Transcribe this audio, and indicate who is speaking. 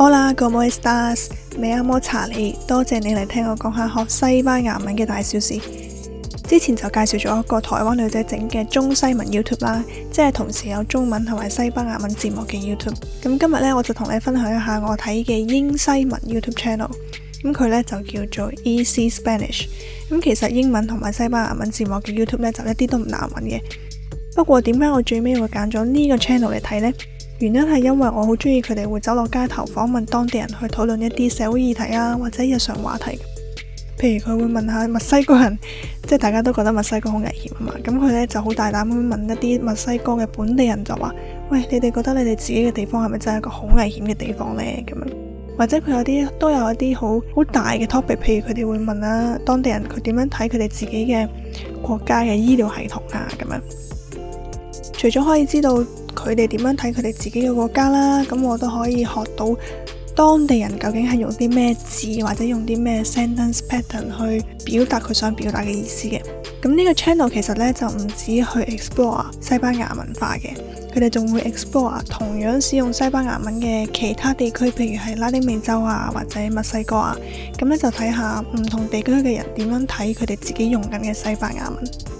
Speaker 1: 好啦，Hola, ¿cómo estás? Me llamo Charlie。多謝你嚟聽我講下學西班牙文嘅大小事。之前就介紹咗一個台灣女仔整嘅中西文 YouTube 啦，即係同時有中文同埋西班牙文字幕嘅 YouTube。咁今日呢，我就同你分享一下我睇嘅英西文 YouTube channel。咁佢呢就叫做 Easy Spanish。咁其實英文同埋西班牙文字幕嘅 YouTube 呢，就一啲都唔難揾嘅。不過點解我最尾會揀咗呢個 channel 嚟睇呢？原因係因為我好中意佢哋會走落街頭訪問當地人去討論一啲社會議題啊，或者日常話題。譬如佢會問下墨西哥人，即係大家都覺得墨西哥好危險啊嘛。咁佢呢就好大膽咁問一啲墨西哥嘅本地人，就話：「喂，你哋覺得你哋自己嘅地方係咪真係一個好危險嘅地方呢？」咁樣，或者佢有啲都有一啲好好大嘅 topic，譬如佢哋會問啊當地人佢點樣睇佢哋自己嘅國家嘅醫療系統啊咁樣。除咗可以知道，佢哋點樣睇佢哋自己嘅國家啦，咁我都可以學到當地人究竟係用啲咩字或者用啲咩 sentence pattern 去表達佢想表達嘅意思嘅。咁呢個 channel 其實咧就唔止去 explore 西班牙文化嘅，佢哋仲會 explore 同樣使用西班牙文嘅其他地區，譬如係拉丁美洲啊或者墨西哥啊。咁咧就睇下唔同地區嘅人點樣睇佢哋自己用緊嘅西班牙文。